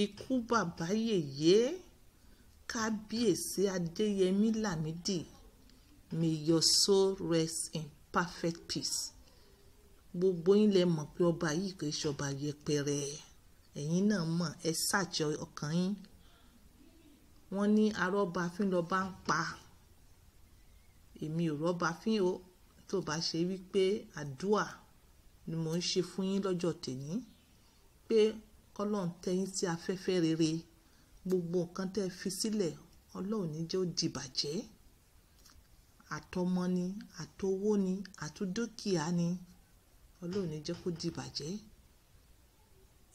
ikú bàbá yèyé kábíyèsí adéyẹmí lámìdí may your soul rest in perfect peace gbogbo yín lè mọ̀ pé ọba yìí kò ṣọba yẹpẹrẹ ẹ̀yin náà mọ̀ ẹ ṣàjọ ọkàn yín wọ́n ní arọ́ba fín lọ́ba ń pa èmi ò rọ́ba fín o tó bá ṣe wípé àdúà ni mò ń ṣe fún yín lọ́jọ́ tèmi pé kọ́lọ́n tẹ́yìn sí afẹ́fẹ́ rere gbogbo nǹkan tẹ́ fi sílẹ̀ ọlọ́run ní jẹ́ ó dìbàjẹ́ àtọmọ ni àtowó ni àtúndúkìá ni ọlọ́run ní jẹ́ kó dìbàjẹ́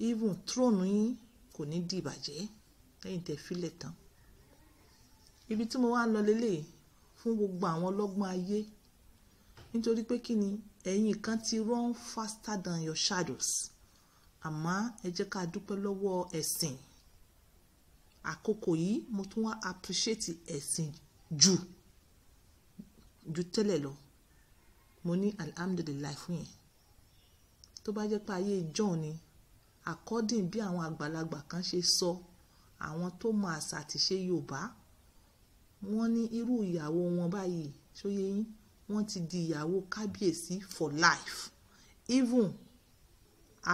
even throne yín kò ní dìbàjẹ́ lẹ́yìn tẹ́ filẹ̀ tán ibi tí mo wá lọ lélẹ̀ fún gbogbo àwọn ọlọ́gbọ́n ayé nítorí pé kí ni ẹ̀yin kan ti run faster than your shadows àmọ́ ẹ jẹ́ ká dúpẹ́ lọ́wọ́ ẹ̀sìn àkókò yìí mo tún wá appreciate ẹ̀sìn jù ju tẹ́lẹ̀ lọ mo ní alhamdulilayi fún yẹn tó bá jẹ́ pé ayé john ni according bí àwọn àgbàlagbà kan ṣe sọ àwọn tó mọ àṣà àti ṣe yorùbá wọ́n ní irú ìyàwó wọn báyìí ṣóyé yín wọ́n ti di ìyàwó kábíyèsí for life even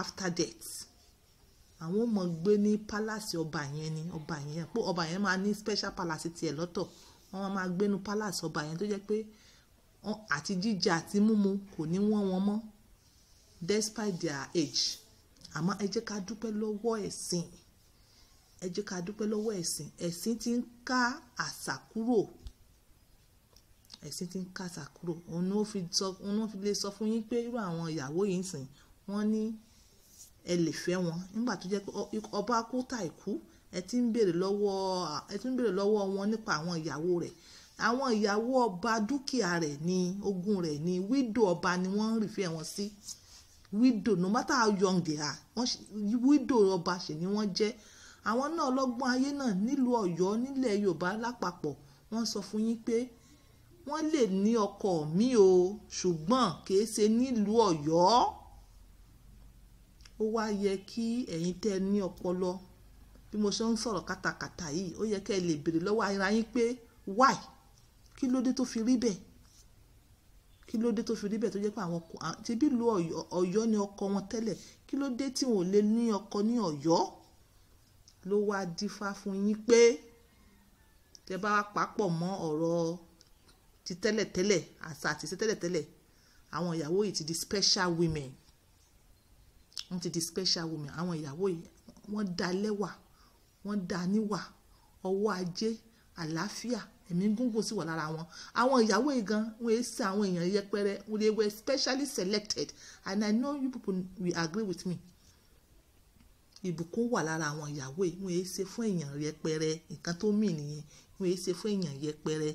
after death àwọn ò mọ̀ gbé ní palace ọba yẹn ni ọba yẹn pé ọba yẹn máa ní special palace tiẹ̀ lọ́tọ̀ wọ́n máa gbé ní palace ọba yẹn tó jẹ́ pé àti jíjẹ àti mímu kò ní wọ́n wọn mọ́ despite their age àmọ́ ẹ jẹ́ ká dúpẹ́ lọ́wọ́ ẹ̀sìn ẹ jẹ́ ká dúpẹ́ lọ́wọ́ ẹ̀sìn ẹ̀sìn ti ń ká àṣà kúrò ẹ̀sìn ti ń ká àṣà kúrò òun ló fi lè sọ fún yín pé irú àwọn ìyàwó yìí ń sìn wọ́n ní ẹ lè fẹ́ wọn nígbà tó jẹ́ pé ọba kú tàì kú ẹ ti ń béèrè lọ́wọ́ ẹ ti ń béèrè lọ́wọ́ wọn nípa àwọn ìyàwó rẹ̀ àwọn ìyàwó ọba dúkìá rẹ̀ ni ogún rẹ̀ ni wídò ọba ni wọ́n ń rìfẹ́ wọn sí wídò no matter how young they are wídò ọba ṣì ni wọ́n jẹ́ àwọn náà ọlọ́gbọ́n ayé náà nílùú ọ̀yọ́ nílẹ̀ yorùbá lápapọ̀ wọ́n sọ fún yín pé wọ́n lè ní ọkọ mi o ṣùgbọ́n kì í ṣe nílùú ọ̀yọ́ ó wá yẹ kí ẹ̀yin tẹ́ ẹ ní ọpọlọ bí mo ṣe ń sọ̀rọ̀ kátàkátà yìí ó yẹ kẹ́ ẹ lè béèrè lọ́wọ́ ara yín pé why kí ló dé tó fi rí bẹ́ẹ̀ kí ló dé tó fi rí bẹ́ẹ̀ tó jẹ́ pé àwọn kò ti bí lu ọ̀yọ́ ni ọkọ wọn tẹ́lẹ̀ kí ló dé tí wọn ò lè ní ọkọ ní ọ̀yọ́ ló wá dífá fún yín pé tẹ́ bá papọ̀ mọ́ ọ̀rọ̀ ti tẹ́lẹ̀tẹ́lẹ̀ àṣà àti ìṣe tẹ́lẹ̀tẹ́lẹ̀ àwọn ìyàwó yìí ti di special women wọ́n ti di special women àwọn ìyàwó yìí wọ́n dá lẹ́wà wọ́n dá níwà ọwọ́ ajé àlàáfíà ẹ̀mí gúngùn sì wà lára wọn àwọn ìyàwó yìí gan wọn èé sí àwọn èèyàn yẹpẹrẹ wọn they were specially selected and I know you people will agree with me ìbùkún wà lára àwọn ìyàwó yìí wọn èé ṣe fún èèyàn yẹpẹrẹ nǹkan tó mì nìyẹn wọn èé ṣe fún èèyàn yẹpẹrẹ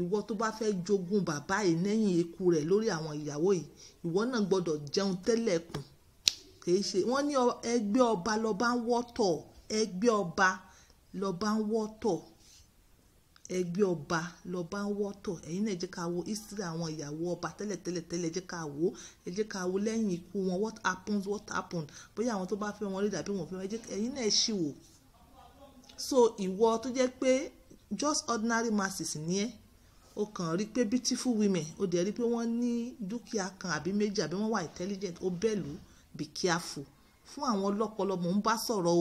ìwọ tó bá fẹ́ jogún bàbá yìí lẹ́yìn ikú rẹ̀ lórí àwọn ìyàwó yìí ìwọ náà gbọ́dọ̀ jẹun tẹ́lẹ̀ kùn kìí ṣe wọ́n ní ẹgbẹ́ ọba lọ́ba ń wọ́tọ̀ ẹgbẹ́ ọba lọ́ba ń wọ́tọ̀ ẹgbẹ́ ọba lọ́ba ń wọ́tọ̀ ẹ̀yin náà jẹ́ ká wo history àwọn ìyàwó ọba tẹ́lẹ̀tẹ́lẹ̀ tẹ́lẹ̀ jẹ́ ká wo ẹ jẹ́ ká wo lẹ́yìn ikú wọn what happens what happened bóyá àwọn tó bá fẹ́ wọn rí dàbí wọn fẹ́ wọn ẹ̀yin náà ṣì wò so ìwọ tó jẹ́ pé just ordinary masses ni ẹ́ o kàn rí pé beautiful women o dẹ̀ rí pé wọ́n ní dúkìá kan àbí méjì àbí wọ́n wà intelligent o bẹ́ẹ̀ lù ú be careful fún àwọn ọlọ́pọlọ mò ń bá sọ̀rọ̀